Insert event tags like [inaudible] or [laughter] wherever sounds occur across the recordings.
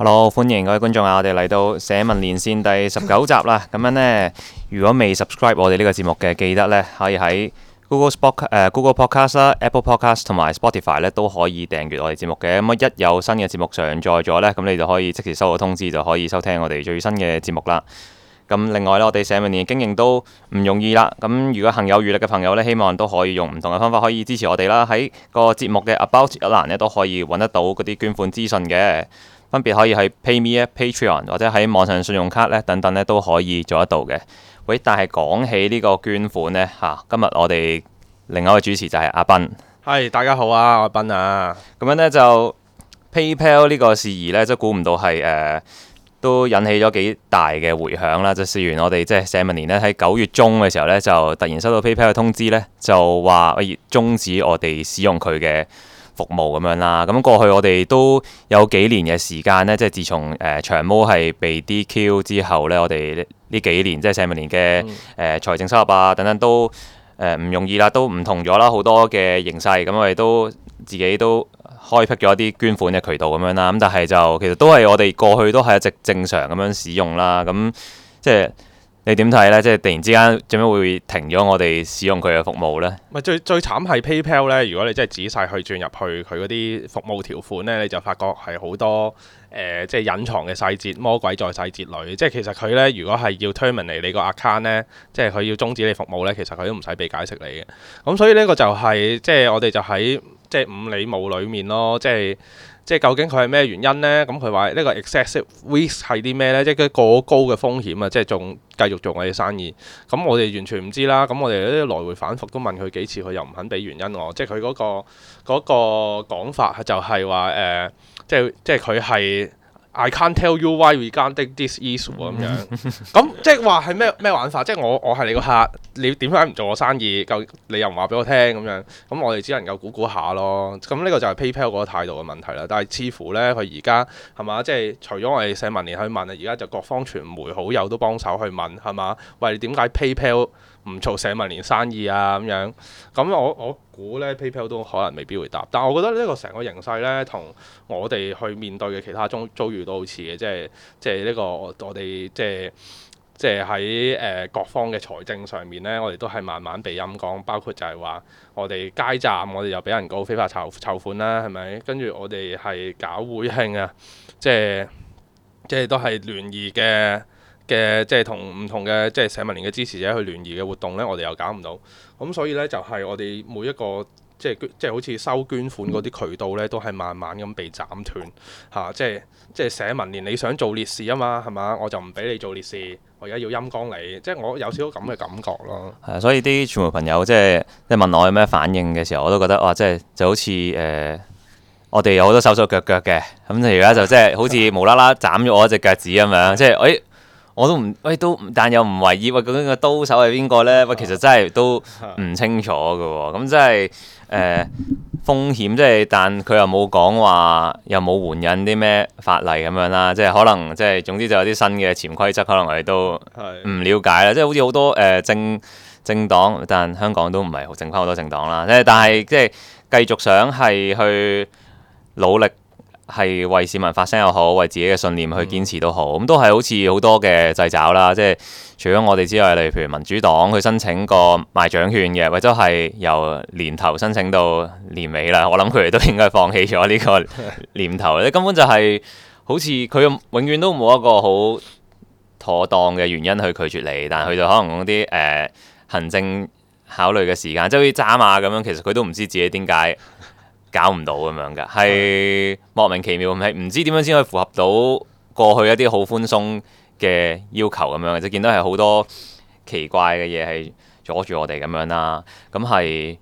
Hello，歡迎各位觀眾啊！我哋嚟到社民連線第十九集啦。咁樣呢，如果未 subscribe 我哋呢個節目嘅，記得呢可以喺 Google Sport、呃、Google Podcast 啦、Apple Podcast 同埋 Spotify 呢都可以訂閱我哋節目嘅。咁、嗯、一有新嘅節目上載咗呢，咁你就可以即時收到通知，就可以收聽我哋最新嘅節目啦。咁、嗯、另外呢，我哋社民連經營都唔容易啦。咁、嗯、如果行有餘力嘅朋友呢，希望都可以用唔同嘅方法可以支持我哋啦。喺個節目嘅 About 一欄呢，都可以揾得到嗰啲捐款資訊嘅。分別可以喺 PayMe 啊、Patreon 或者喺網上信用卡咧等等咧都可以做得到嘅。喂，但係講起呢個捐款咧嚇、啊，今日我哋另外一個主持就係阿斌。係大家好啊，阿斌啊。咁樣咧就 PayPal 呢個事宜咧，即係估唔到係誒、呃、都引起咗幾大嘅回響啦。就試完我哋即係社民連咧喺九月中嘅時候咧，就突然收到 PayPal 嘅通知咧，就話可以中止我哋使用佢嘅。服務咁樣啦，咁過去我哋都有幾年嘅時間呢，即係自從誒、呃、長毛係被 DQ 之後呢，我哋呢幾年即係上年年嘅誒財政收入啊等等都唔、呃、容易啦，都唔同咗啦，好多嘅形勢，咁我哋都自己都開闢咗一啲捐款嘅渠道咁樣啦，咁但係就其實都係我哋過去都係一直正常咁樣使用啦，咁即係。你點睇呢？即係突然之間點解會停咗我哋使用佢嘅服務呢？最最慘係 PayPal 呢。如果你真係仔細去轉入去佢嗰啲服務條款呢，你就發覺係好多誒、呃，即係隱藏嘅細節，魔鬼在細節裏。即係其實佢呢，如果係要 terminate 你個 account 呢，即係佢要終止你服務呢，其實佢都唔使俾解釋你嘅。咁所以呢個就係、是、即係我哋就喺即係五里霧裏面咯，即係。即係究竟佢係咩原因呢？咁佢話呢個 excessive risk 係啲咩呢？即係啲過高嘅風險啊！即係仲繼續做我哋生意，咁、嗯、我哋完全唔知啦。咁、嗯、我哋啲來回反覆都問佢幾次，佢又唔肯俾原因我。即係佢嗰個嗰個講法就係話誒，即係即係佢係。I can't tell you why we got this issue 咁樣，咁 [laughs] 即係話係咩咩玩法？即係我我係你個客，你點解唔做我生意？咁你又唔話俾我聽咁樣，咁我哋只能夠估估下咯。咁呢個就係 PayPal 嗰個態度嘅問題啦。但係似乎呢，佢而家係嘛？即係除咗我哋社民連去問啊，而家就各方傳媒好友都幫手去問係嘛？喂，點解 PayPal 唔做社民連生意啊咁樣，咁我我估呢 PayPal 都可能未必會答，但我覺得呢個成個形勢呢，同我哋去面對嘅其他遭遭遇都好似嘅，即係即係呢個我哋即係即係喺、呃、各方嘅財政上面呢，我哋都係慢慢被陰講，包括就係話我哋街站我哋又俾人告非法籌籌款啦，係咪？跟住我哋係搞會慶啊，即係即係都係聯誼嘅。嘅即係同唔同嘅即係社民連嘅支持者去聯誼嘅活動呢，我哋又搞唔到，咁所以呢，就係、是、我哋每一個即係即係好似收捐款嗰啲渠道呢，都係慢慢咁被斬斷嚇、啊，即係即係社民連你想做烈士啊嘛，係嘛？我就唔俾你做烈士，我而家要陰功你，即係我有少少咁嘅感覺咯、啊。所以啲傳媒朋友即係即係問我有咩反應嘅時候，我都覺得哇，即係就好似誒、呃，我哋有好多手手腳腳嘅，咁而家就即係好似無啦啦斬咗我一隻腳趾咁樣，即係誒。哎我都唔喂都，但又唔懷疑喂究竟個刀手係邊個咧？喂、啊，其實真係都唔清楚嘅喎、哦。咁真係誒、呃、風險，即係但佢又冇講話，又冇援引啲咩法例咁樣啦。即係可能即係總之就有啲新嘅潛規則，可能我哋都唔了解啦。的即係好似好多誒、呃、政政黨，但香港都唔係好剩翻好多政黨啦。誒，但係即係繼續想係去努力。係為市民發聲又好，為自己嘅信念去堅持都好，咁、嗯、都係好似好多嘅掣肘啦。即係除咗我哋之外，例如譬如民主黨去申請個賣獎券嘅，或者係由年頭申請到年尾啦。我諗佢哋都應該放棄咗呢個念頭。你 [laughs] 根本就係、是、好似佢永遠都冇一個好妥當嘅原因去拒絕你，但係佢就可能嗰啲誒行政考慮嘅時間，即係好似渣馬咁樣，其實佢都唔知自己點解。搞唔到咁樣㗎，係莫名其妙，唔係唔知點樣先可以符合到過去一啲好寬鬆嘅要求咁樣，即係見到係好多奇怪嘅嘢係阻住我哋咁樣啦。咁係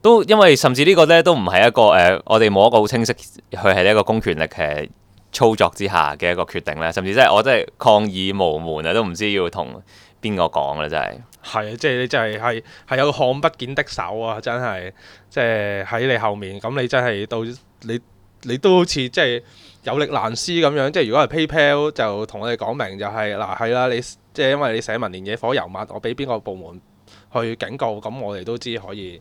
都因為甚至呢個咧都唔係一個誒、呃，我哋冇一個好清晰，佢係一個公權力嘅操作之下嘅一個決定咧。甚至即係我真係抗議無門啊，都唔知要同邊個講啦，真係。係，即係你真係係係有看不見的手啊！真係，即係喺你後面，咁你真係到你你都好似即係有力難施咁樣。即係如果係 PayPal，就同我哋講明就係嗱係啦，你即係因為你社民連野火油墨，我俾邊個部門去警告，咁我哋都知可以。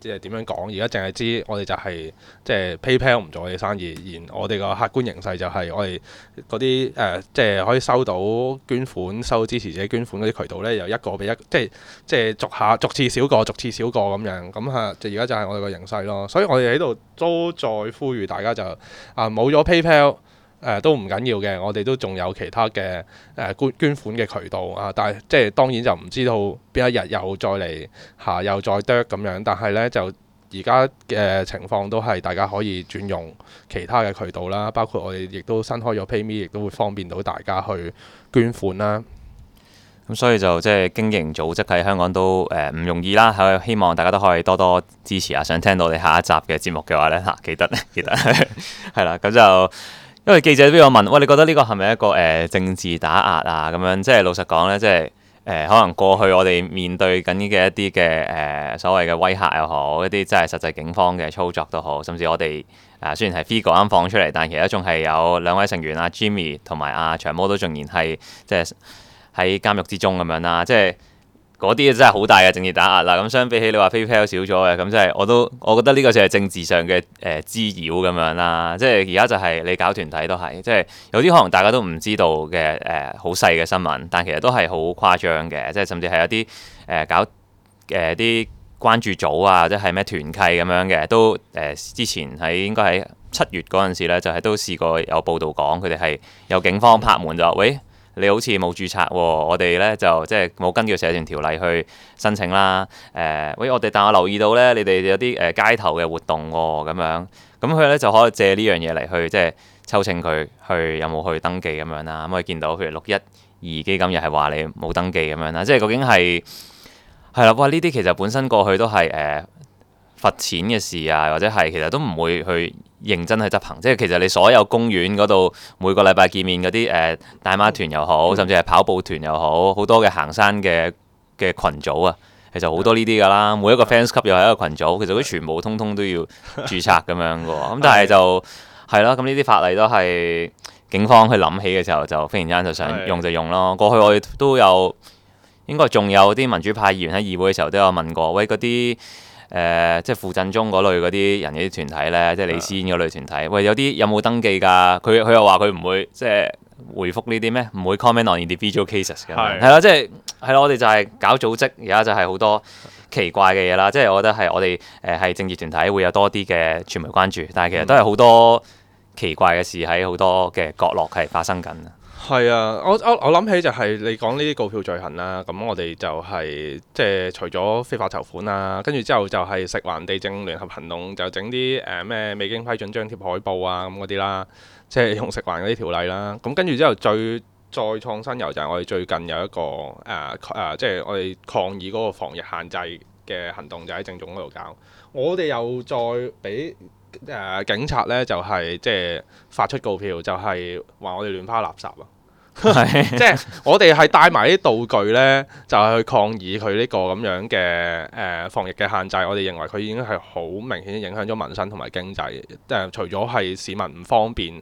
即係點樣講？而家淨係知我哋就係、是、即係 PayPal 唔做我哋生意，而我哋個客觀形勢就係我哋嗰啲誒，即係可以收到捐款、收支持者捐款嗰啲渠道呢，由一個比一個，即係即係逐下逐次少個、逐次少個咁樣。咁啊，就而家就係我哋個形勢咯。所以我哋喺度都再呼籲大家就啊冇咗 PayPal。誒、呃、都唔緊要嘅，我哋都仲有其他嘅誒捐捐款嘅渠道啊！但係即係當然就唔知道邊一日又再嚟下、啊、又再 drop 咁樣，但係呢，就而家嘅情況都係大家可以轉用其他嘅渠道啦，包括我哋亦都新開咗 PayMe，亦都會方便到大家去捐款啦。咁、嗯、所以就即係、就是、經營組織喺香港都誒唔、呃、容易啦，係希望大家都可以多多支持啊！想聽到你下一集嘅節目嘅話呢，嗱、啊、記得記得係啦，咁 [laughs] 就。因為記者都有問，喂，你覺得呢個係咪一個誒、呃、政治打壓啊？咁樣即係老實講呢，即係誒、呃、可能過去我哋面對緊嘅一啲嘅誒所謂嘅威嚇又好，一啲真係實際警方嘅操作都好，甚至我哋誒、呃、雖然係 figure 啱放出嚟，但其實仲係有兩位成員啊，Jimmy 同埋阿長毛都仲然係即係喺監獄之中咁樣啦，即係。嗰啲真係好大嘅政治打壓啦，咁相比起你話 PayPal 少咗嘅，咁即係我都我覺得呢個就係政治上嘅誒、呃、滋擾咁樣啦，啊，即係而家就係你搞團體都係，即係有啲可能大家都唔知道嘅誒好細嘅新聞，但其實都係好誇張嘅，即係甚至係有啲誒、呃、搞誒啲、呃、關注組啊，或者係咩團契咁樣嘅，都誒、呃、之前喺應該喺七月嗰陣時咧，就係、是、都試過有報道講佢哋係有警方拍門就話喂。你好似冇註冊喎，我哋呢就即係冇根據社團條例去申請啦。誒、呃，喂，我哋但我留意到呢，你哋有啲誒街頭嘅活動喎，咁樣咁佢呢就可以借呢樣嘢嚟去即係抽秤佢去，去有冇去登記咁樣啦。咁我哋見到譬如六一二基金又係話你冇登記咁樣啦，即係究竟係係啦，哇！呢啲其實本身過去都係誒。呃罰錢嘅事啊，或者係其實都唔會去認真去執行。即係其實你所有公園嗰度每個禮拜見面嗰啲誒大媽團又好，甚至係跑步團又好，好多嘅行山嘅嘅羣組啊，其實好多呢啲㗎啦。每一個 fans club 又係一個群組，其實佢全部通通都要註冊咁樣嘅。咁、 [laughs] 嗯、但係就係咯，咁呢啲法例都係警方去諗起嘅時候就忽然間就想用就用咯。過去我都有應該仲有啲民主派議員喺議會嘅時候都有問過，喂嗰啲。誒、呃，即係傅振中嗰類嗰啲人嗰啲團體咧，即係李思燕嗰類團體。喂，有啲有冇登記㗎？佢佢又話佢唔會即係回覆呢啲咩？唔會 comment on individual cases 嘅。係啦是的，即係係啦，我哋就係搞組織，而家就係好多奇怪嘅嘢啦。即係我覺得係我哋誒係政治團體會有多啲嘅傳媒關注，但係其實都係好多奇怪嘅事喺好多嘅角落係發生緊。係啊，我我我諗起就係你講呢啲告票罪行啦，咁我哋就係、是、即係除咗非法籌款啦，跟住之後就係食環地政聯合行動，就整啲誒咩未經批准張貼海報啊咁嗰啲啦，即係用食環嗰啲條例啦。咁跟住之後最再創新又就係我哋最近有一個誒誒、呃呃，即係我哋抗議嗰個防疫限制嘅行動，就喺、是、政總嗰度搞。我哋又再俾。誒警察咧就係、係、即係發出告票、就係， [laughs] [laughs] 就係話我哋亂拋垃圾啊！即係我哋係帶埋啲道具咧，就係去抗議佢呢個咁樣嘅誒、呃、防疫嘅限制。我哋認為佢已經係好明顯影響咗民生同埋經濟。誒、呃、除咗係市民唔方便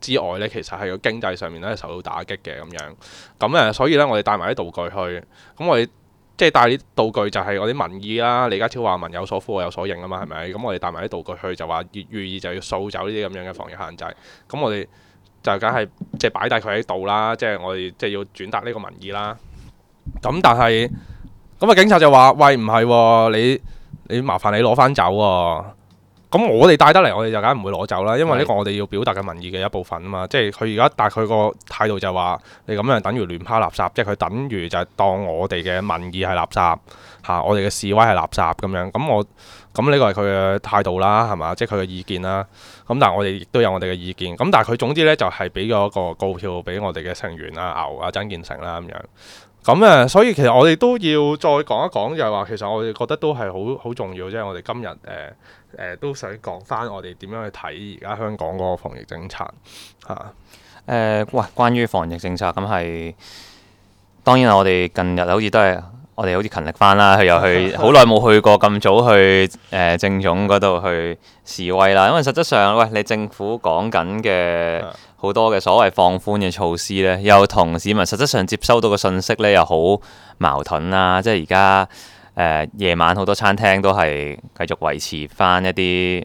之外咧，其實係個經濟上面咧受到打擊嘅咁樣。咁誒，所以咧我哋帶埋啲道具去，咁我哋。即係帶啲道具就係我啲民意啦，李家超話民有所呼，我有所應啊嘛，係咪？咁我哋帶埋啲道具去就話，寓意就要掃走呢啲咁樣嘅防疫限制。咁我哋就梗係即係擺低佢喺度啦，即係我哋即係要轉達呢個民意啦。咁但係咁啊，咁個警察就話：喂，唔係啊，你你麻煩你攞返走喎啊。咁我哋帶得嚟，我哋就梗唔會攞走啦，因為呢個我哋要表達嘅民意嘅一部分啊嘛，是的 即係佢而家大概個態度就係話，你咁樣等於亂拋垃圾，即係佢等於就係當我哋嘅民意係垃圾嚇、啊，我哋嘅示威係垃圾咁樣。咁我咁呢個係佢嘅態度啦，係嘛？即係佢嘅意見啦。咁但係我哋亦都有我哋嘅意見。咁但係佢總之呢，就係俾咗個告票俾我哋嘅成員啦、啊，牛啊曾健成啦咁樣。咁啊，所以其實我哋都要再講一講，就係話其實我哋覺得都係好好重要，即係我哋今日誒。呃呃誒都想講翻我哋點樣去睇而家香港嗰個防疫政策嚇，誒，喂，關於防疫政策，咁係當然啊！我哋近日好似都係我哋好似勤力翻啦，佢又去好耐冇去過，咁早去誒、呃、政總嗰度去示威啦。因為實質上，喂、呃、你政府講緊嘅好多嘅所謂放寬嘅措施咧，又同市民實質上接收到嘅信息咧，又好矛盾啦！即係而家。夜、呃、晚好多餐廳都係繼續維持翻一啲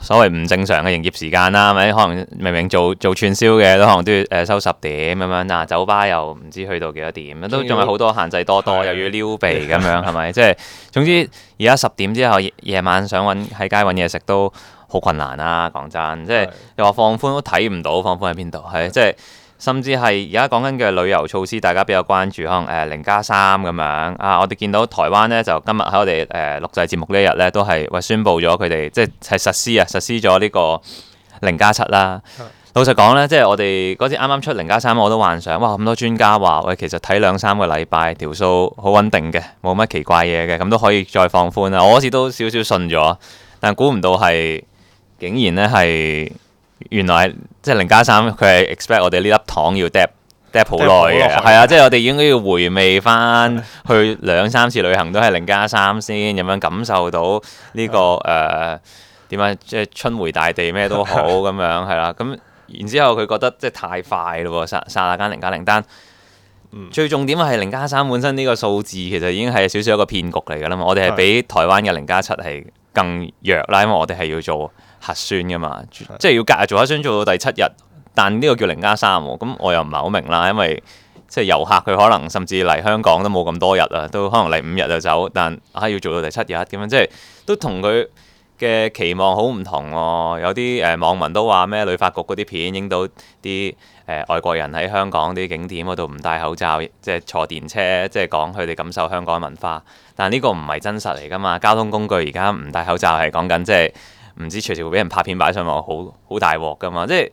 所謂唔正常嘅營業時間啦，係咪？可能明明做做串燒嘅都可能都要誒、呃、收十點咁樣，嗱、啊、酒吧又唔知去到幾多點，都仲有好多限制多多，嗯、又要撩鼻咁樣，係咪？即係總之而家十點之後夜晚想揾喺街揾嘢食都好困難啦、啊。講真，即係、嗯、又話放寬都睇唔到放寬喺邊度，係、嗯嗯、即係。嗯嗯。甚至係而家講緊嘅旅遊措施，大家比較關注，可能誒、呃、零加三咁樣啊。我哋見到台灣呢，就今日喺我哋誒錄製節目呢一日呢，都係喂宣布咗佢哋即係係實施啊，實施咗呢個零加七啦。的老實講呢，即係我哋嗰次啱啱出零加三，我都幻想哇，咁多專家話喂，其實睇兩三個禮拜條數好穩定嘅，冇乜奇怪嘢嘅，咁都可以再放寬啦。我嗰次都少少信咗，但估唔到係竟然呢係。原來即係零加三，佢係 expect 我哋呢粒糖要 drop drop 好耐嘅，係啊，即、就是、我哋應該要回味翻去兩三次旅行都係零加三先，咁樣感受到呢、這個誒點樣，即係春回大地咩都好咁樣係啦。咁、 [laughs] 啊、然之後佢覺得即係太快咯，剎剎那間零加零單。最重點係零加三本身呢個數字其實已經係少少一個騙局嚟噶啦。我哋係比台灣嘅零加七係更弱啦，因為我哋係要做。核酸㗎嘛，即係要隔日做核酸做到第七日，但呢個叫零加三喎、哦。咁我又唔係好明啦，因為即係遊客佢可能甚至嚟香港都冇咁多日啦、啊，都可能嚟五日就走，但啊要做到第七日咁樣，即係都同佢嘅期望好唔同喎、哦。有啲誒、呃、網民都話咩旅發局嗰啲片影到啲誒、呃、外國人喺香港啲景點嗰度唔戴口罩，即係坐電車，即係講佢哋感受香港文化，但呢個唔係真實嚟㗎嘛。交通工具而家唔戴口罩係講緊即係。唔知隨時會俾人拍片擺上網，好好大鑊㗎嘛！即係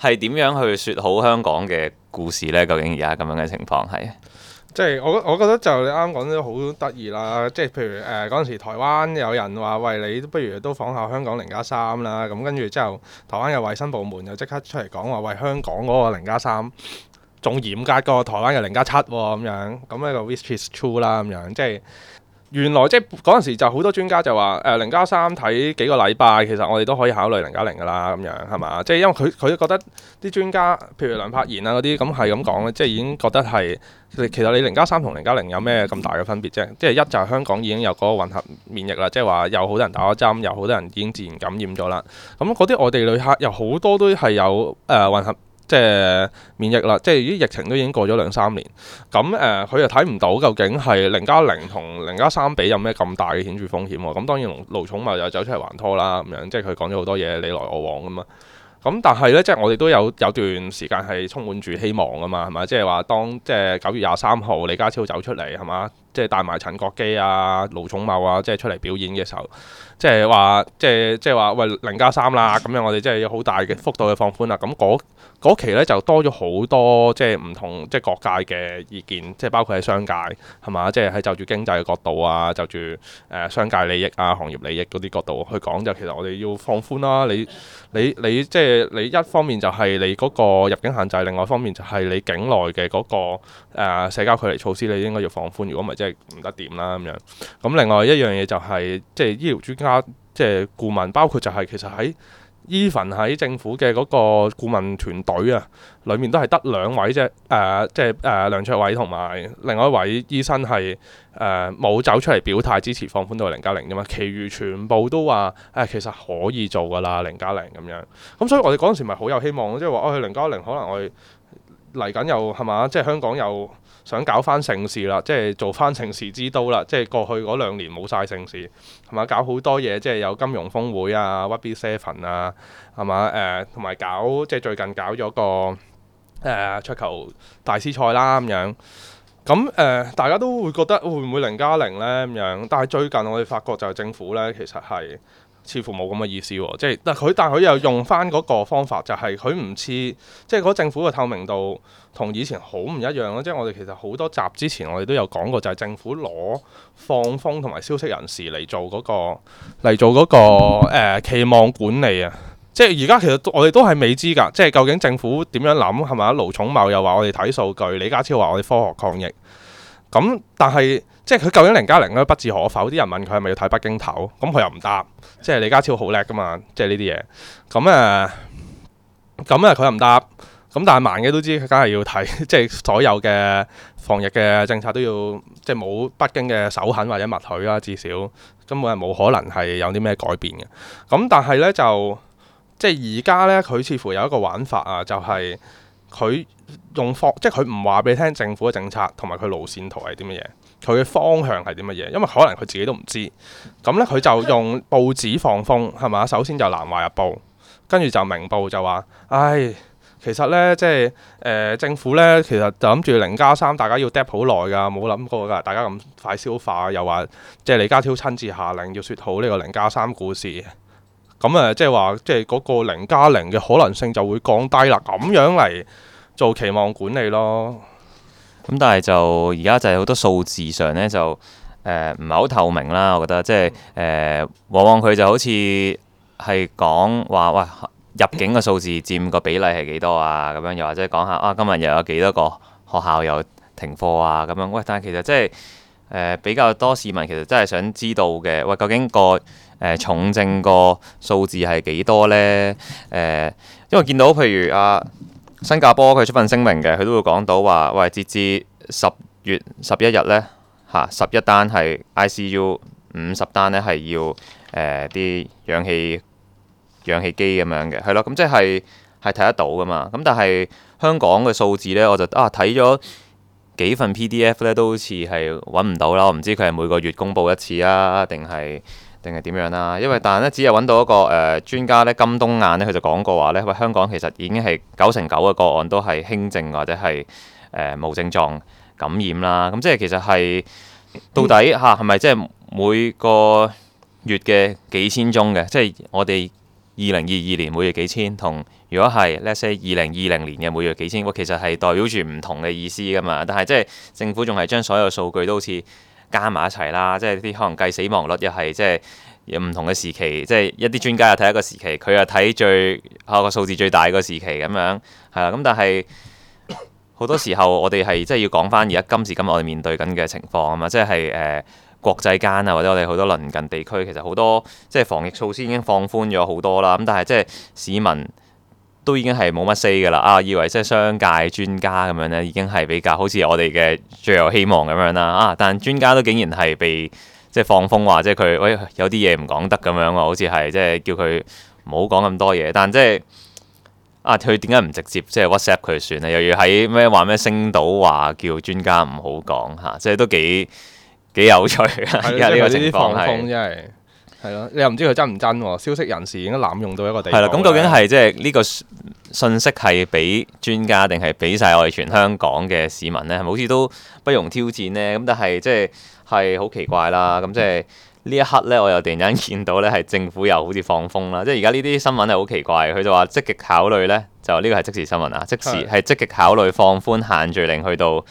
係點樣去説好香港嘅故事呢？究竟而家咁樣嘅情況係即係我覺我覺得就你啱啱講都好得意啦！即係譬如誒嗰陣時台灣有人話：喂，你不如都仿下香港零加三啦！咁跟住之後，台灣嘅衛生部門又即刻出嚟講話：喂，香港嗰個零加三仲嚴格過台灣嘅零加七喎、哦！咁樣咁呢個 which is true 啦！咁樣即係。原來即係嗰陣時就好多專家就話誒零加三睇幾個禮拜，其實我哋都可以考慮零加零噶啦，咁樣係嘛？即係因為佢佢覺得啲專家譬如梁柏賢啊嗰啲咁係咁講咧，即係已經覺得係其實你零加三同零加零有咩咁大嘅分別啫？即係一就係、是、香港已經有嗰個混合免疫啦，即係話有好多人打咗針，有好多人已經自然感染咗啦。咁嗰啲外地旅客又好多都係有誒、呃、混合。即係免疫啦，即係啲疫情都已經過咗兩三年，咁誒佢又睇唔到究竟係零加零同零加三比有咩咁大嘅顯著風險喎？咁、啊嗯、當然盧寵茂又走出嚟還拖啦，咁樣即係佢講咗好多嘢你來我往吖嘛。咁但係呢，即係我哋都有有段時間係充滿住希望㗎嘛，係、啊、咪？即係話當即係九月廿三號李家超走出嚟係嘛，即係帶埋陳國基啊、盧寵茂啊，即係出嚟表演嘅時候。即係話，即係即係話，喂，零加三啦，咁樣我哋真係有好大嘅幅度嘅放寬啦。咁嗰期呢，就多咗好多，即係唔同即係各界嘅意見，即係包括喺商界係嘛，即係喺就住經濟嘅角度啊，就住誒商界利益啊、行業利益嗰啲角度去講，就其實我哋要放寬啦。你你你即係你一方面就係你嗰個入境限制，另外一方面就係你境內嘅嗰個誒社交距離措施，你應該要放寬，如果唔係真係唔得掂啦咁樣。咁另外一樣嘢就係即係醫療專啊，即係顧問，包括就係其實喺 even 喺政府嘅嗰個顧問團隊啊，裡面都係得兩位啫。誒、呃，即係誒梁卓偉同埋另外一位醫生係誒冇走出嚟表態支持放寬到零加零㗎嘛。其餘全部都話誒、呃，其實可以做㗎啦，零加零咁樣。咁所以我哋嗰陣時咪好有希望，即係話哦，零加零可能我嚟緊又係嘛，即係、就是、香港又。想搞翻盛事啦，即係做翻盛事之都啦，即係過去嗰兩年冇晒盛事，係嘛？搞好多嘢，即係有金融峰會啊、WTF 啊，係嘛？誒、呃，同埋搞即係最近搞咗個誒桌、呃、球大師賽啦咁樣，咁誒、呃、大家都會覺得會唔會零加零呢？咁樣？但係最近我哋發覺就係政府呢，其實係。似乎冇咁嘅意思喎，即係但佢但佢又用翻嗰個方法，就係佢唔似即係嗰政府嘅透明度同以前好唔一樣咯。即係我哋其實好多集之前我哋都有講過，就係政府攞放風同埋消息人士嚟做嗰個嚟做嗰個呃期望管理啊。即係而家其實我哋都係未知㗎，即係究竟政府點樣諗係咪盧寵茂？又話我哋睇數據，李家超話我哋科學抗疫，咁但係。即係佢究竟零加零咧不置可否？啲人問佢係咪要睇北京頭，咁佢又唔答。即係李家超好叻㗎嘛，即係呢啲嘢。咁誒、啊，咁誒佢又唔答。咁但係盲嘅都知，佢梗係要睇。即係所有嘅防疫嘅政策都要，即係冇北京嘅首肯或者默許啦。至少根本係冇可能係有啲咩改變嘅。咁但係呢，就，即係而家呢，佢似乎有一個玩法啊，就係、是、佢用放，即係佢唔話俾你聽政府嘅政策同埋佢路線圖係啲乜嘢。佢嘅方向係啲乜嘢？因為可能佢自己都唔知，咁呢，佢就用報紙放風係嘛？首先就《南華日報》，跟住就《明報》就話：，唉，其實呢，即係誒政府呢，其實就諗住零加三，大家要 drop 好耐㗎，冇諗過㗎，大家咁快消化。又話即係李家超親自下令要説好呢個零加三故事，咁誒即係話即係嗰個零加零嘅可能性就會降低啦。咁樣嚟做期望管理咯。咁、嗯、但係就而家就係好多數字上呢，就誒唔係好透明啦，我覺得即係誒往往佢就好似係講話，喂，入境嘅數字佔個比例係幾多啊咁樣，又或者講下啊今日又有幾多個學校又停課啊咁樣。喂，但係其實即係誒比較多市民其實真係想知道嘅，喂究竟個誒、呃、重症個數字係幾多呢？呃、誒，因為見到譬如啊。新加坡佢出份聲明嘅，佢都會講到話喂，截至十月十一日呢，嚇十一單係 I C U 五十單呢係要誒啲、呃、氧氣氧氣機咁樣嘅係咯，咁即係係睇得到㗎嘛。咁但係香港嘅數字呢，我就啊睇咗幾份 P D F 呢，都好似係揾唔到啦。我唔知佢係每個月公布一次啊，定係？定係點樣啦？因為但係咧，只有揾到一個誒、呃、專家咧，金冬雁咧，佢就講過話咧，喂、呃，香港其實已經係九成九嘅個案都係輕症或者係誒、呃、無症狀感染啦。咁、嗯、即係其實係到底嚇係咪即係每個月嘅幾千宗嘅？即、就、係、是、我哋二零二二年每月幾千，同如果係 let's say 二零二零年嘅每月幾千，喂，其實係代表住唔同嘅意思噶嘛。但係即係政府仲係將所有數據都好似。加埋一齊啦，即係啲可能計死亡率又係即係有唔同嘅時期，即係一啲專家又睇一個時期，佢又睇最下個、啊、數字最大個時期咁樣，係啦。咁但係好多時候我哋係即係要講翻而家今時今日我哋面對緊嘅情況啊嘛，即係誒、呃、國際間啊，或者我哋好多鄰近地區其實好多即係防疫措施已經放寬咗好多啦。咁但係即係市民都已經係冇乜 say 㗎啦！啊，以為即係商界專家咁樣咧，已經係比較好似我哋嘅最有希望咁樣啦！啊，但專家都竟然係被即係放風話，即係佢喂，有啲嘢唔講得咁樣喎，好似係即係叫佢唔好講咁多嘢。但即係啊，佢點解唔直接即係 WhatsApp 佢算咧？又要喺咩話咩星島話叫專家唔好講吓，即係都幾幾有趣嘅而家呢個情況係。係咯，你又唔知佢真唔真喎、哦？消息人士已經濫用到一個地步。啦，咁究竟係即係呢個信息係俾專家定係俾晒我哋全香港嘅市民咧？係咪好似都不容挑戰咧？咁但係即係係好奇怪啦！咁即係呢一刻咧，我又突然間見到咧，係政府又好似放風啦。即係而家呢啲新聞係好奇怪，佢就話積極考慮咧，就呢、這個係即時新聞啊！即時係積極考慮放寬限聚令，去到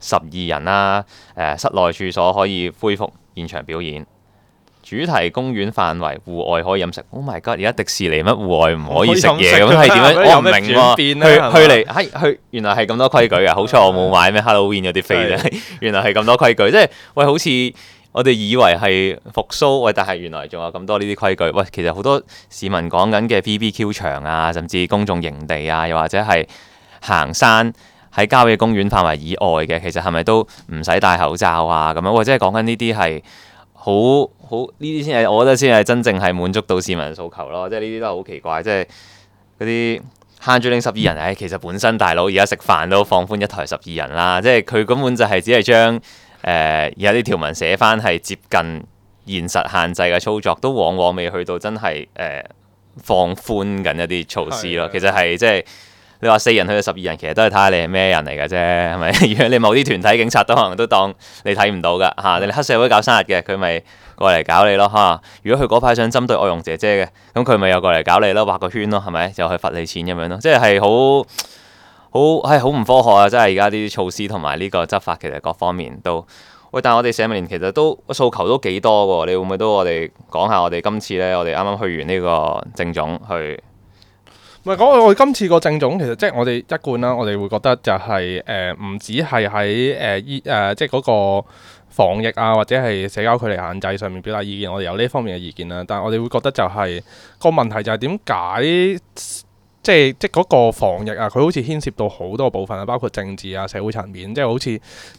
十二人啦，誒、呃、室內處所可以恢復現場表演。主題公園範圍戶外可以飲食。Oh my god！而家迪士尼乜戶外唔可以食嘢咁，係點樣？我明喎。去去嚟，喺去原來係咁多規矩啊。 [laughs] 好彩我冇買咩 Halloween 嗰啲飛啫。 [laughs] 對 原來係咁多規矩，即係喂，好似我哋以為係復甦，喂，但係原來仲有咁多呢啲規矩。喂，其實好多市民講緊嘅 BBQ 場啊，甚至公眾營地啊，又或者係行山喺郊野公園範圍以外嘅，其實係咪都唔使戴口罩啊？咁樣，或者係講緊呢啲係。好好呢啲先係，我覺得先係真正係滿足到市民訴求咯。即係呢啲都係好奇怪，即係嗰啲慳住拎十二人，誒、哎，其實本身大佬而家食飯都放寬一台十二人啦。即係佢根本就係只係將誒而家啲條文寫翻係接近現實限制嘅操作，都往往未去到真係誒、呃、放寬緊一啲措施咯。係。其實係即係。你話四人去到十二人，其實都係睇下你係咩人嚟嘅啫，係咪？如 [laughs] 果你某啲團體警察都可能都當你睇唔到噶嚇，你黑社會搞生日嘅，佢咪過嚟搞你咯嚇。如果佢嗰排想針對外傭姐姐嘅，咁佢咪又過嚟搞你咯，畫個圈咯，係咪？又去罰你錢咁樣咯，即係好好係好唔科學啊！真係而家啲措施同埋呢個執法，其實各方面都喂。但係我哋社民連其實都訴求都幾多喎，你會唔會都我哋講下我哋今次呢，我哋啱啱去完呢個政總去。唔係講我今次個正總，其實即係我哋一貫啦，我哋會覺得就係、是、誒，唔止係喺誒醫誒，即係嗰個防疫啊，或者係社交距離限制上面表達意見，我哋有呢方面嘅意見啦。但係我哋會覺得就係、是、個問題就係點解？即係即係嗰個防疫啊，佢好似牽涉到好多部分啊，包括政治啊、社會層面，即係好似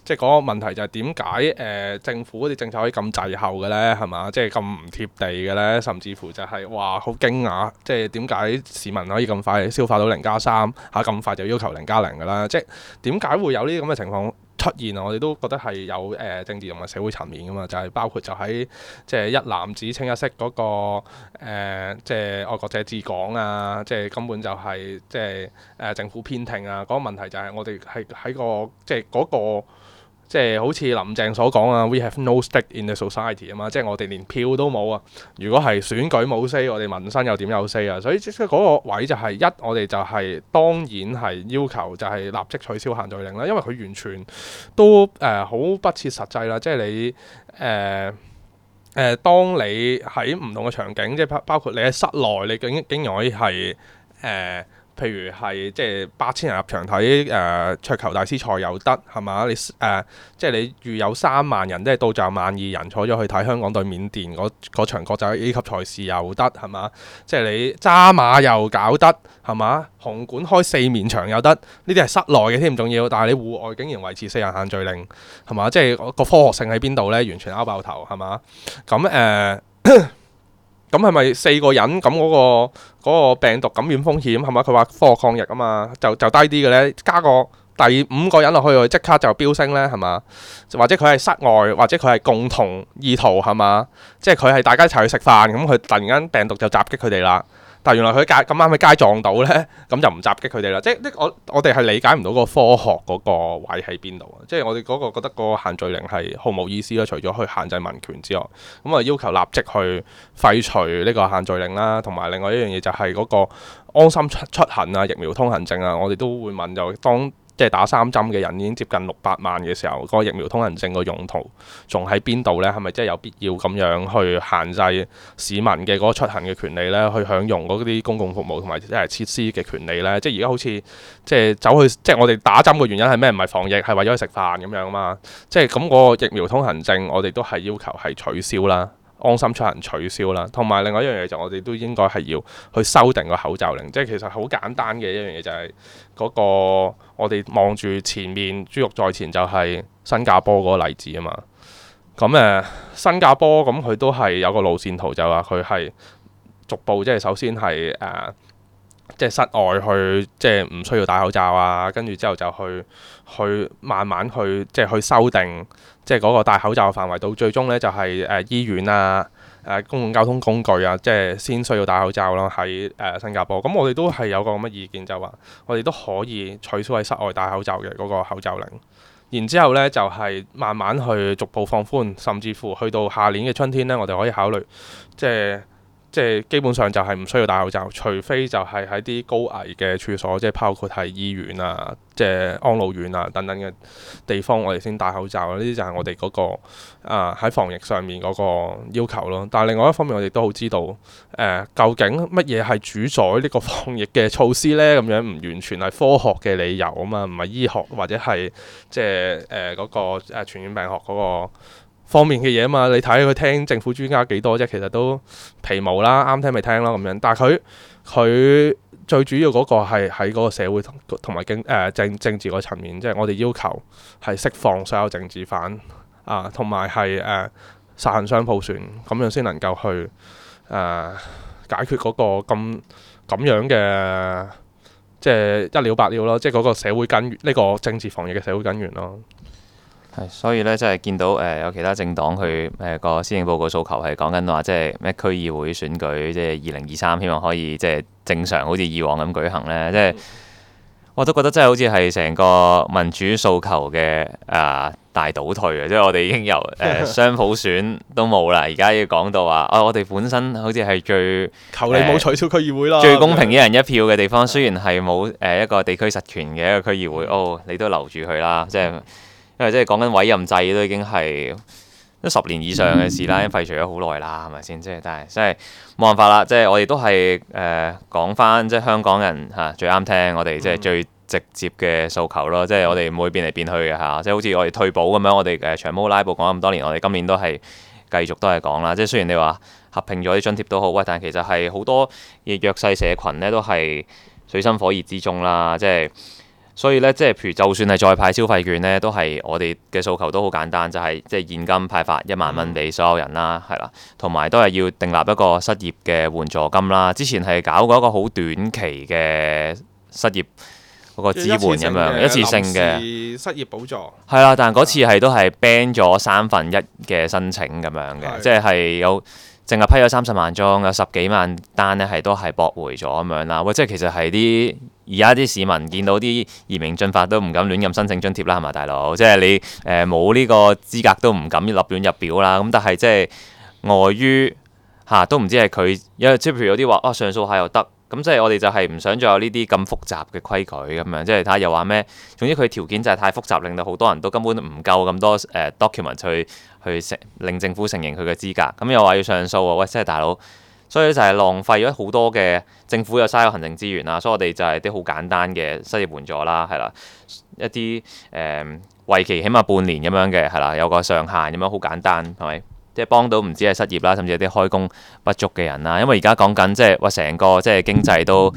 即係嗰個問題就係點解誒政府嗰啲政策可以咁滯後嘅咧，係嘛？即係咁唔貼地嘅咧，甚至乎就係、是、哇好驚訝，即係點解市民可以咁快消化到零加三吓，咁、啊、快就要求零加零㗎啦？即係點解會有呢啲咁嘅情況？出現我哋都覺得係有誒、呃、政治同埋社會層面噶嘛，就係、是、包括就喺即係一男子清一色嗰、那個誒，即、呃、係、就是、外國者治港啊，即、就、係、是、根本就係即係誒政府偏聽啊，嗰、那個問題就係我哋係喺個即係嗰個。就是那個即係好似林鄭所講啊，We have no stake in the society 啊嘛，即係我哋連票都冇啊！如果係選舉冇聲，我哋民生又點有聲啊？所以即係嗰個位就係、是、一我、就是，我哋就係當然係要求就係立即取消限聚令啦，因為佢完全都誒好、呃、不切實際啦！即係你誒誒、呃呃，當你喺唔同嘅場景，即係包括你喺室內，你竟竟然可以係誒。呃譬如係即係八千人入場睇誒桌球大師賽又得係嘛？你誒、呃、即係你預有三萬人即係，到站萬二人坐咗去睇香港對緬甸嗰嗰場國際 A 級賽事又得係嘛？即係你揸馬又搞得係嘛？紅館開四面牆有得呢啲係室內嘅添，唔重要。但係你戶外竟然維持四人限聚令係嘛？即係個科學性喺邊度呢？完全拗爆頭係嘛？咁誒。咁係咪四個人咁嗰個嗰個病毒感染風險係嘛？佢話科學抗疫啊嘛，就就低啲嘅咧。加個第五個人落去，即刻就飆升咧係嘛？或者佢係室外，或者佢係共同意圖係嘛？即係佢係大家一齊去食飯，咁佢突然間病毒就襲擊佢哋啦。但原來佢架咁啱喺街撞到呢，咁就唔襲擊佢哋啦。即係我我哋係理解唔到個科學嗰個位喺邊度啊！即係我哋嗰個覺得個限聚令係毫無意思啦，除咗去限制民權之外，咁啊要求立即去廢除呢個限聚令啦，同埋另外一樣嘢就係嗰個安心出出行啊、疫苗通行證啊，我哋都會問就當。即係打三針嘅人已經接近六百萬嘅時候，個疫苗通行證個用途仲喺邊度呢？係咪真係有必要咁樣去限制市民嘅嗰個出行嘅權利呢？去享用嗰啲公共服務同埋即係設施嘅權利呢？即係而家好似即係走去即係我哋打針嘅原因係咩？唔係防疫，係為咗去食飯咁樣嘛？即係咁個疫苗通行證，我哋都係要求係取消啦。安心出行取消啦，同埋另外一樣嘢，就我哋都應該係要去修訂個口罩令，即係其實好簡單嘅一樣嘢就係、是、嗰、那個我哋望住前面豬肉在前，就係新加坡嗰個例子啊嘛。咁、嗯、誒新加坡咁佢，嗯、都係有個路線圖就話佢係逐步即係首先係誒、uh, 即係室外去即係唔需要戴口罩啊，跟住之後就去去慢慢去即係去修訂。即係嗰個戴口罩嘅範圍，到最終呢就係誒醫院啊、公共交通工具啊，即係先需要戴口罩咯。喺誒新加坡，咁我哋都係有個乜意見，就話我哋都可以取消喺室外戴口罩嘅嗰個口罩令。然之後呢，就係慢慢去逐步放寬，甚至乎去到下年嘅春天呢，我哋可以考慮即係。即係基本上就係唔需要戴口罩，除非就係喺啲高危嘅處所，即係包括係醫院啊、即係安老院啊等等嘅地方，我哋先戴口罩。呢啲就係我哋嗰、嗰個啊喺、呃、防疫上面嗰個要求咯。但係另外一方面，我哋都好知道、呃、究竟乜嘢係主宰呢個防疫嘅措施呢？咁樣唔完全係科學嘅理由啊嘛，唔係醫學或者係即係誒嗰個誒傳染病學嗰、嗰個方面嘅嘢啊嘛，你睇佢聽政府專家幾多啫？其實都皮毛啦，啱聽咪聽咯咁樣。但係佢佢最主要嗰個係喺嗰個社會同埋政誒政政治個層面，即係我哋要求係釋放所有政治犯啊，同埋係誒殺恨商破船，咁樣先能夠去誒、啊、解決嗰個咁咁樣嘅即係一了百了咯，即係嗰個社會根源呢、這個政治防疫嘅社會根源咯。係，所以咧，即係見到誒、呃，有其他政黨去誒個施政報告訴求係講緊話，即係咩區議會選舉，即係二零二三，希望可以即係正常，好似以往咁舉行咧。即係，我都覺得真係好似係成個民主訴求嘅誒、呃、大倒退啊！即係，我哋已經由誒雙、呃、普選都冇啦，而家 [laughs] 要講到話哦，我哋本身好似係最求你冇取消區議會啦，呃、最公平一人一票嘅地方， [laughs] 雖然係冇誒一個地區實權嘅一個區議會， [laughs] 哦，你都留住佢啦，即係。就是即係講緊委任制都已經係都十年以上嘅事啦，廢除咗好耐啦，係咪先？即係但係即係冇辦法啦，即係我哋都係誒講翻，即係香港人嚇最啱聽，我哋即係最直接嘅訴求咯。即係，嗯，我哋唔會變嚟變去嘅嚇。即係好似我哋退保咁樣，我哋誒長毛拉布講咗咁多年，我哋今年都係繼續都係講啦。即係雖然你話合併咗啲津貼都好，喂，但其實係好多弱勢社群呢，都係水深火熱之中啦。即係。所以咧，即係譬如，就算係再派消費券咧，都係我哋嘅訴求都好簡單，就係即係現金派發一萬蚊俾所有人啦，係啦、嗯，同埋都係要訂立一個失業嘅援助金啦。之前係搞過一個好短期嘅失業嗰個支援咁樣，一次性嘅失業補助。係啦，但係嗰次係都係 ban 咗三分一嘅申請咁樣嘅，的即係有。淨係批咗三十萬張，有十幾萬單咧，係都係駁回咗咁樣啦。喂、呃，即係其實係啲而家啲市民見到啲移民進法都唔敢亂咁申請津貼啦，係嘛，大佬？即係你誒冇呢個資格都唔敢立亂入表啦。咁但係即係礙於嚇都唔知係佢，因為即係譬如有啲話哦，上訴下又得，咁、嗯、即係我哋就係唔想再有呢啲咁複雜嘅規矩咁樣。即係睇下又話咩？總之佢條件就係太複雜，令到好多人都根本唔夠咁多 document、呃呃、去。去成令政府承認佢嘅資格，咁又話要上訴喎？喂，即係大佬，所以就係浪費咗好多嘅政府又嘥咗行政資源啦。所以我哋就係啲好簡單嘅失業援助啦，係啦，一啲誒，為、呃、期起碼半年咁樣嘅，係啦，有個上限咁樣，好簡單係咪？即係、就是、幫到唔知係失業啦，甚至有啲開工不足嘅人啦。因為而家講緊即係喂，成、就是呃、個即係、就是、經濟都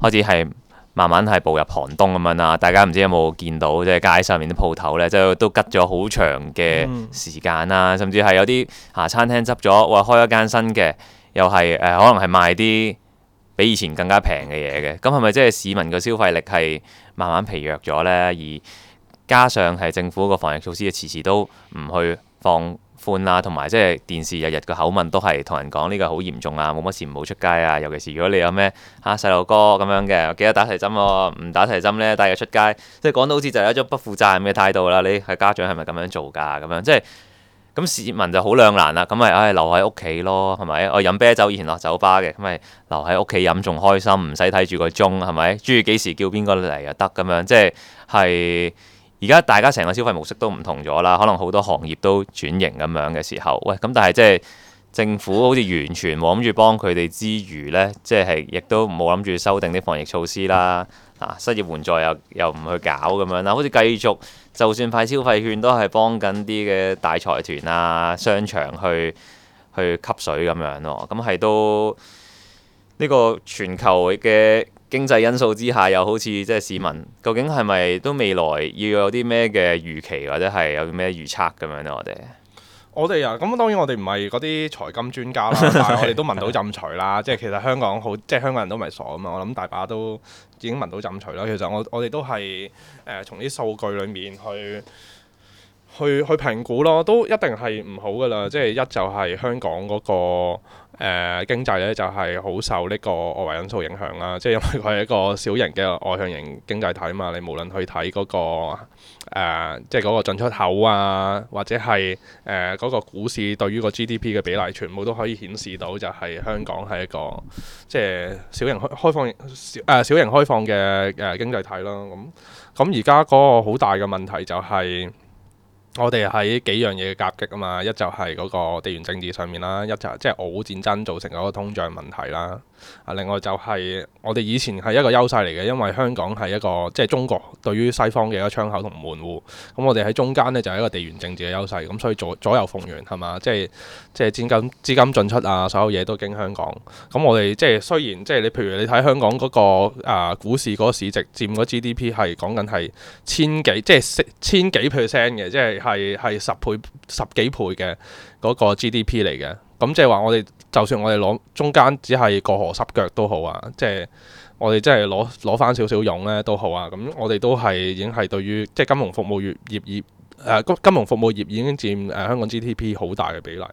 開始係。慢慢係步入寒冬咁樣啦，大家唔知有冇見到即係、就是、街上面啲鋪頭呢，即係都吉咗好長嘅時間啦、啊，甚至係有啲啊餐廳執咗，喂開一間新嘅，又係誒、呃、可能係賣啲比以前更加平嘅嘢嘅，咁係咪即係市民個消費力係慢慢疲弱咗呢？而加上係政府個防疫措施遲遲都唔去放。寬啊，同埋即係電視日日個口吻都係同人講呢個好嚴重啊，冇乜事唔好出街啊。尤其是如果你有咩嚇細路哥咁樣嘅，記得打齊針喎、啊，唔打齊針呢，帶佢出街，即係講到好似就係一種不負責任嘅態度啦。你係家長係咪咁樣做㗎、啊？咁樣即係咁市民就好兩難啦、啊。咁咪唉留喺屋企咯，係咪？我飲啤酒以前落酒吧嘅，咁咪留喺屋企飲仲開心，唔使睇住個鐘係咪？中意幾時叫邊個嚟就得咁樣，即係係。而家大家成個消費模式都唔同咗啦，可能好多行業都轉型咁樣嘅時候，喂，咁但係即係政府好似完全冇諗住幫佢哋之餘呢，即係亦都冇諗住修訂啲防疫措施啦，啊失業援助又又唔去搞咁樣啦，好似繼續就算派消費券都係幫緊啲嘅大財團啊商場去去吸水咁樣咯，咁、哦、係都呢、呢個全球嘅。經濟因素之下，又好似即係市民，究竟係咪都未來要有啲咩嘅預期，或者係有啲咩預測咁樣呢？我哋我哋啊，咁當然我哋唔係嗰啲財金專家啦， [laughs] 但係我哋都聞到浸除啦。 [laughs] 即係其實香港好，即係香港人都唔係傻啊嘛！我諗大把都已經聞到浸除啦。其實我我哋都係誒從啲數據裡面去去去評估咯，都一定係唔好噶啦。即係一就係香港嗰個。誒、呃、經濟咧就係、是、好受呢個外圍因素影響啦，即係因為佢係一個小型嘅外向型經濟體啊嘛，你無論去睇嗰、那個、呃、即係嗰個進出口啊，或者係誒嗰個股市對於個 GDP 嘅比例，全部都可以顯示到就係香港係一個即係小型開開放型小型開放嘅誒、呃呃、經濟體囉。咁咁而家嗰個好大嘅問題就係、是。我哋喺幾樣嘢嘅夾擊啊嘛，一就係嗰個地緣政治上面啦，一就係即係俄烏戰爭造成嗰個通脹問題啦。啊！另外就係我哋以前係一個優勢嚟嘅，因為香港係一個即係中國對於西方嘅一個窗口同門戶。咁我哋喺中間呢，就係一個地緣政治嘅優勢，咁所以左左右逢源係嘛？即係即係資金資金進出啊，所有嘢都經香港。咁我哋即係雖然即係你譬如你睇香港嗰個啊股市嗰個市值佔嗰 GDP 係講緊係千幾即係千幾 percent 嘅，即係係係十倍十幾倍嘅嗰個 GDP 嚟嘅。咁即係話我哋。就算我哋攞中間只係過河濕腳好、就是、好都好啊，即係我哋即係攞攞翻少少傭呢都好啊，咁我哋都係已經係對於即係金融服務業業業誒、呃、金融服務業已經佔誒、呃、香港 GDP 好大嘅比例，咁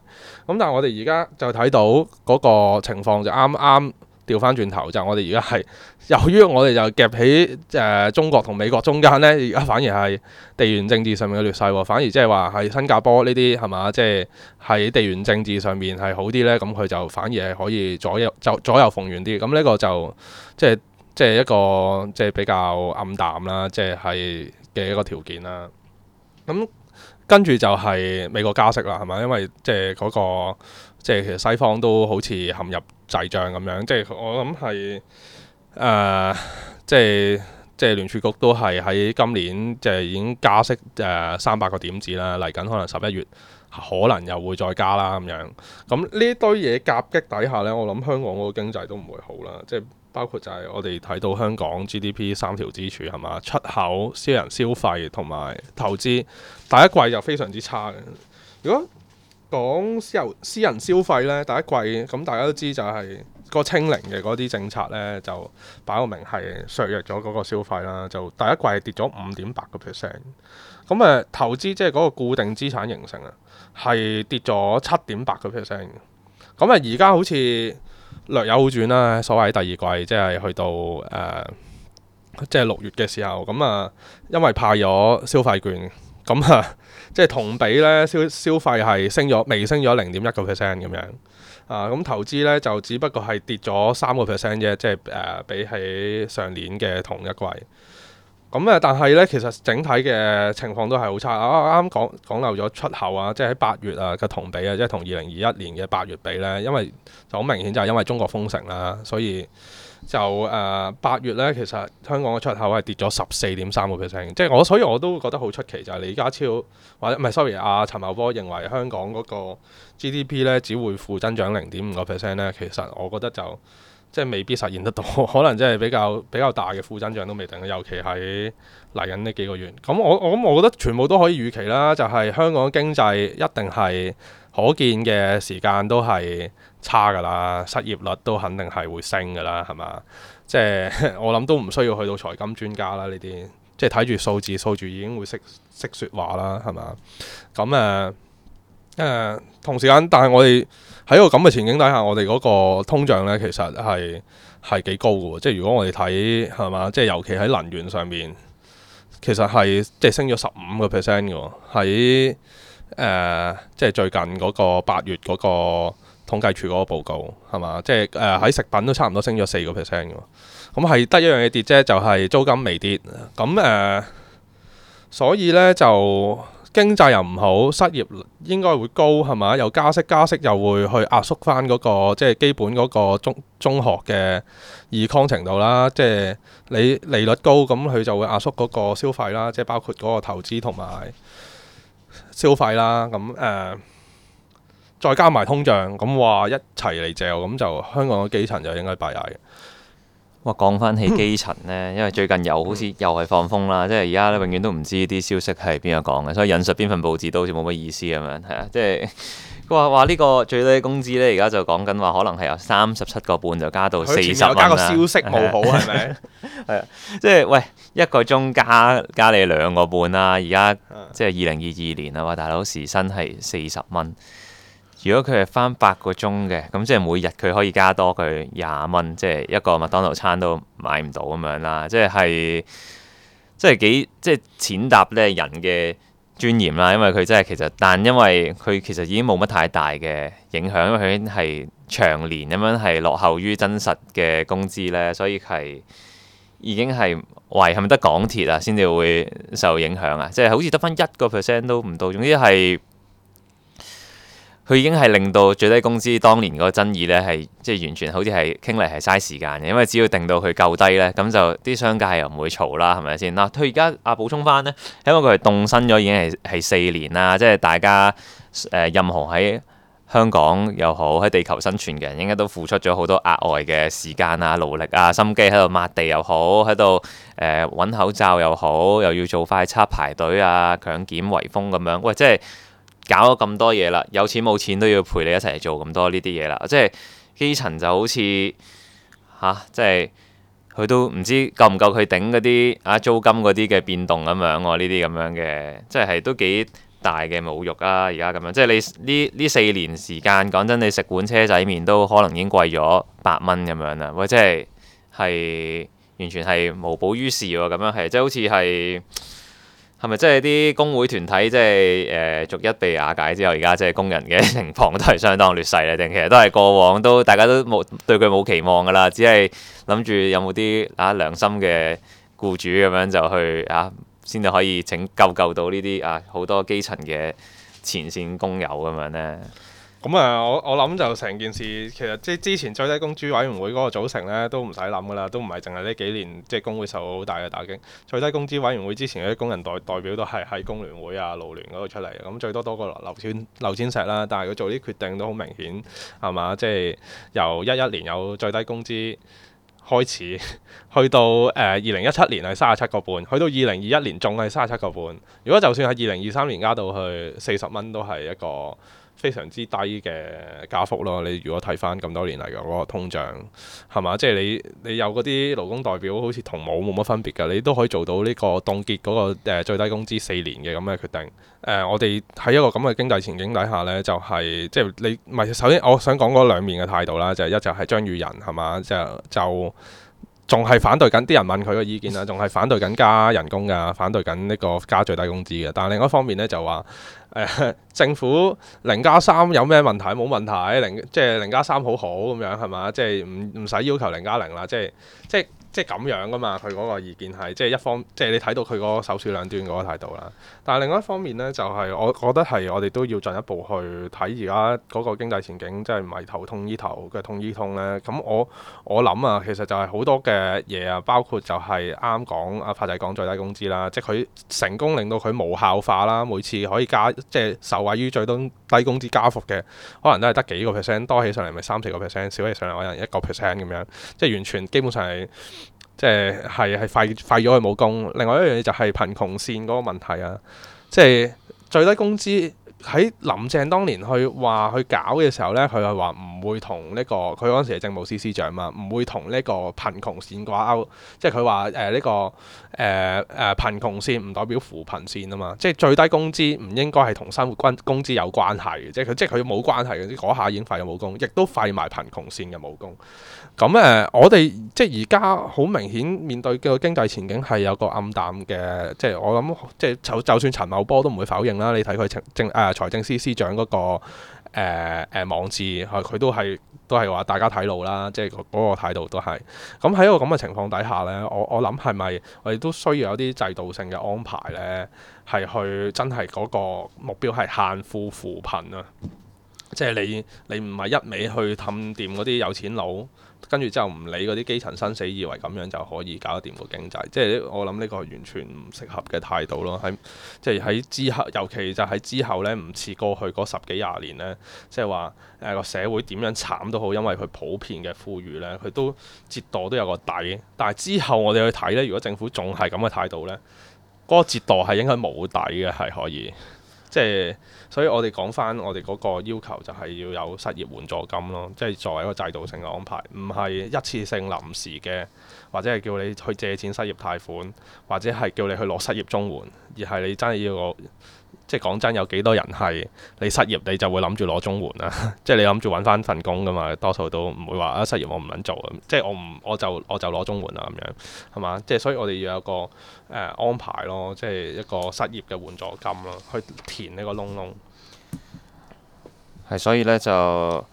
但係我哋而家就睇到嗰個情況就啱啱。調翻轉頭就我哋而家係，由於我哋就夾喺誒、中國同美國中間呢，而家反而係地緣政治上面嘅劣勢，啊，反而即係話係新加坡呢啲係嘛，即係喺地緣政治上面係好啲呢，咁、嗯、佢就反而係可以左右就左右逢源啲。咁、嗯、呢、這個就即係即係一個即係，就是、比較暗淡啦，即係係嘅一個條件啦。咁跟住就係美國加息啦，係咪？因為即係嗰個即係，就是、其實西方都好似陷入。滯脹咁樣，即係我諗係誒，即係即係聯儲局都係喺今年即係已經加息誒、呃、三百個點子啦，嚟緊可能十一月可能又會再加啦咁樣。咁呢堆嘢夾擊底下呢，我諗香港嗰個經濟都唔會好啦。即係包括就係我哋睇到香港 GDP 三條支柱係嘛，出口、私人消費同埋投資，第一季就非常之差嘅。如果講私有私人消費咧，第一季咁大家都知就係個清零嘅嗰啲政策咧，就擺明係削弱咗嗰個消費啦。就第一季係跌咗五點八個 percent。咁誒投資即係嗰個固定資產形成啊，係跌咗七點八個 percent。咁啊而家好似略有好轉啦。所謂第二季即係、就是、去到誒即係六月嘅時候，咁啊因為派咗消費券。咁啊、嗯，即係同比咧消消費係升咗，微升咗零點一個 percent 咁樣。啊，咁、嗯、投資咧就只不過係跌咗三個 percent 啫，即係誒、呃、比起上年嘅同一季。咁、嗯、咧，但係咧其實整體嘅情況都係好差啊！啱啱講講漏咗出口啊，即係喺八月啊嘅同比啊，即係同二零二一年嘅八月比咧，因為就好明顯就係因為中國封城啦，所以。就誒八月咧，其實香港嘅出口係跌咗十四點三個 percent，即係我，所以我都覺得好出奇就係李家超或者唔係 sorry 阿陳茂波認為香港嗰個 GDP 咧只會負增長零點五個 percent 咧，其實我覺得就即係未必實現得到，可能即係比較比較大嘅負增長都未定，尤其喺嚟緊呢幾個月。咁我我咁我覺得全部都可以預期啦，就係香港經濟一定係。可見嘅時間都係差㗎啦，失業率都肯定係會升㗎啦，係嘛？即係我諗都唔需要去到財金專家啦，呢啲即係睇住數字數住已經會識識説話啦，係嘛？咁誒誒同時間，但係我哋喺個咁嘅前景底下，我哋嗰個通脹呢，其實係係幾高嘅喎。即係如果我哋睇，係嘛，即係尤其喺能源上面，其實係即係升咗十五個 percent 嘅喎，喺。誒、呃，即係最近嗰個八月嗰個統計處嗰個報告，係嘛？即係誒喺食品都差唔多升咗四個 percent 喎。咁係得一樣嘢跌啫，就係、是、租金微跌。咁、嗯、誒、呃，所以呢，就經濟又唔好，失業應該會高，係嘛？又加息，加息又會去壓縮返、那、嗰個即係基本嗰個中中學嘅二康程度啦。即係你利，利率高，咁佢就會壓縮嗰個消費啦，即係包括嗰個投資同埋。消費啦，咁誒、呃，再加埋通脹，咁話一齊嚟借，咁就香港嘅基層就應該閉翳嘅。哇，講返起基層呢，因為最近又好似又係放風啦，即係而家咧永遠都唔知啲消息係邊個講嘅，所以引述邊份報紙都好似冇乜意思咁樣，係啊，即係。佢話：呢個最低工資呢，而家就講緊話，可能係由三十七個半就加到四十蚊加個消息冇好，係咪 [laughs] 吧？係啊， [laughs] 即係喂一個鐘加加你兩個半啦。而家即係二零二二年啊，話大佬時薪係四十蚊。如果佢係返八個鐘嘅，咁即係每日佢可以加多佢廿蚊，即係一個麥當勞餐都買唔到咁樣啦。即係即係幾即係踐踏呢人嘅。尊嚴啦，因為佢真係其實，但因為佢其實已經冇乜太大嘅影響，因為佢已經係長年咁樣係落後於真實嘅工資咧，所以係已經係，喂，係咪得港鐵啊先至會受影響啊？即係好似得翻一個 percent 都唔到，總之係。佢已經係令到最低工資當年個爭議呢，係即係完全好似係傾嚟係嘥時間嘅，因為只要定到佢夠低呢，咁就啲商界又唔會嘈啦，係咪先？嗱，佢而家啊補充返呢，因為佢係動身咗已經係係四年啦，即係大家誒、呃、任何喺香港又好喺地球生存嘅人，應該都付出咗好多額外嘅時間啊、勞力啊、心機喺度抹地又好，喺度誒揾口罩又好，又要做快測排隊啊、強檢圍封咁樣，喂，即係。搞咗咁多嘢啦，有錢冇錢都要陪你一齊做咁多呢啲嘢啦，即係基層就好似吓、啊，即係佢都唔知夠唔夠佢頂嗰啲啊租金嗰啲嘅變動咁樣喎、啊，呢啲咁樣嘅，即係都幾大嘅侮辱啦、啊！而家咁樣，即係你呢呢四年時間，講真，你食碗車仔麵都可能已經貴咗八蚊咁樣啦，喂、哎，即係係完全係無補於事喎、啊，咁樣係即係好似係。係咪即係啲工會團體即係誒逐一被瓦解之後，而家即係工人嘅情況都係相當劣勢咧？定其實都係過往都大家都冇對佢冇期望㗎啦，只係諗住有冇啲啊良心嘅僱主咁樣就去啊，先就可以拯救救到呢啲啊好多基層嘅前線工友咁樣呢。咁啊、嗯，我我諗就成件事，其實即係之前最低工資委員會嗰個組成呢，都唔使諗噶啦，都唔係淨係呢幾年即係工會受好大嘅打擊。最低工資委員會之前嗰啲工人代代表都係喺工聯會啊、勞聯嗰度出嚟，咁最多多個劉千千石啦。但係佢做啲決定都好明顯，係嘛？即係由一一年有最低工資開始，去到誒二零一七年係三十七個半，去到二零二一年仲係三十七個半。如果就算係二零二三年加到去四十蚊，都係一個，非常之低嘅加幅咯，你如果睇翻咁多年嚟講，嗰個通脹，係嘛？即係你你有嗰啲勞工代表，好似同冇冇乜分別嘅，你都可以做到呢個凍結嗰個誒、呃、最低工資四年嘅咁嘅決定。誒、呃，我哋喺一個咁嘅經濟前景底下咧，就係、是、即係你唔係首先，我想講嗰兩面嘅態度啦，就係、是、一就係張宇人係嘛，即係就仲係反對緊啲人問佢嘅意見啊，仲係反對緊加人工㗎，反對緊呢個加最低工資嘅。但係另一方面咧，就話。呃、政府零加三有咩問題？冇問題，零即係零加三好好咁樣係嘛？即係唔唔使要求零加零啦，即係即。即係咁樣噶嘛，佢嗰個意見係即係一方，即係你睇到佢嗰首鼠兩端嗰個態度啦。但係另外一方面呢，就係、是、我覺得係我哋都要進一步去睇而家嗰個經濟前景，即係唔係頭痛醫頭，腳痛醫腳呢。咁我我諗啊，其實就係好多嘅嘢啊，包括就係啱啱講阿發仔講最低工資啦，即係佢成功令到佢無效化啦，每次可以加即係受惠於最低工資加幅嘅，可能都係得幾個 percent 多起上嚟咪三四個 percent，少起上嚟可能一個 percent 咁樣，即係完全基本上係。即係係係廢廢咗佢冇工，另外一樣嘢就係貧窮線個問題啊！即係最低工資喺林鄭當年去話去搞嘅時候咧，佢係話唔唔會同呢個，佢嗰陣時係政務司司長嘛，唔會同呢個貧窮線掛鈎，即係佢話誒呢個誒誒貧窮線唔代表扶貧線啊嘛，即係最低工資唔應該係同生活工資有關係嘅，即係佢即係佢冇關係嘅，嗰下已經廢咗武功，亦都廢埋貧窮線嘅武功。咁誒，我哋即係而家好明顯面對嘅經濟前景係有個暗淡嘅，即係我諗即係就就算陳茂波都唔會否認啦。你睇佢政政誒財政司司長嗰個。誒誒網誌，佢佢、呃呃、都係都係話大家睇路啦，即係嗰、嗰個嗰個態度都係。咁喺一個咁嘅情況底下呢，我我諗係咪我哋都需要有啲制度性嘅安排呢？係去真係嗰個目標係限富扶貧啊，即係你你唔係一味去氹掂嗰啲有錢佬。跟住之後唔理嗰啲基層生死，以為咁樣就可以搞掂個經濟，即係我諗呢個係完全唔適合嘅態度咯。喺即係喺之後，尤其就喺之後呢，唔似過去嗰十幾廿年呢，即係話誒個社會點樣慘都好，因為佢普遍嘅富裕呢，佢都折墮都有個底。但係之後我哋去睇呢，如果政府仲係咁嘅態度呢，嗰、那個折墮係應該冇底嘅，係可以。即係，所以我哋講翻我哋嗰個要求就係要有失業援助金咯，即係作為一個制度性嘅安排，唔係一次性臨時嘅，或者係叫你去借錢失業貸款，或者係叫你去攞失業綜援，而係你真係要我。即係講真，有幾多人係你失業，你就會諗住攞綜援啦。 [laughs] 即係你諗住揾翻份工噶嘛，多數都唔會話啊失業我唔撚做啊。即係我唔我就我就攞綜援啦，咁樣係嘛。即係所以我哋要有個誒、呃、安排咯，即係一個失業嘅援助金咯，去填呢個窿窿。係，所以呢，就。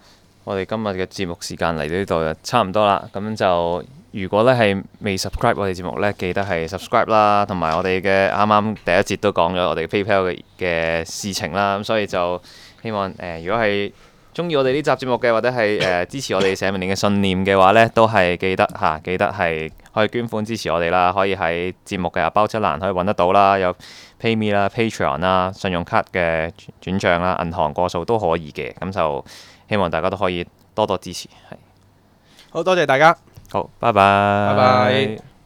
我哋今日嘅節目時間嚟到呢度就差唔多啦，咁就如果咧係未 subscribe 我哋節目呢，記得係 subscribe 啦，同埋我哋嘅啱啱第一節都講咗我哋 PayPal 嘅嘅事情啦，咁所以就希望誒、呃，如果係中意我哋呢集節目嘅，或者係誒、呃、支持我哋社民連嘅信念嘅話呢，都係記得吓、啊，記得係可以捐款支持我哋啦，可以喺節目嘅 About 欄可以揾得到啦，有 PayMe 啦、Patreon 啦、信用卡嘅轉轉帳啦、銀行過數都可以嘅，咁就。希望大家都可以多多支持，係好多謝大家，好，拜拜，拜拜。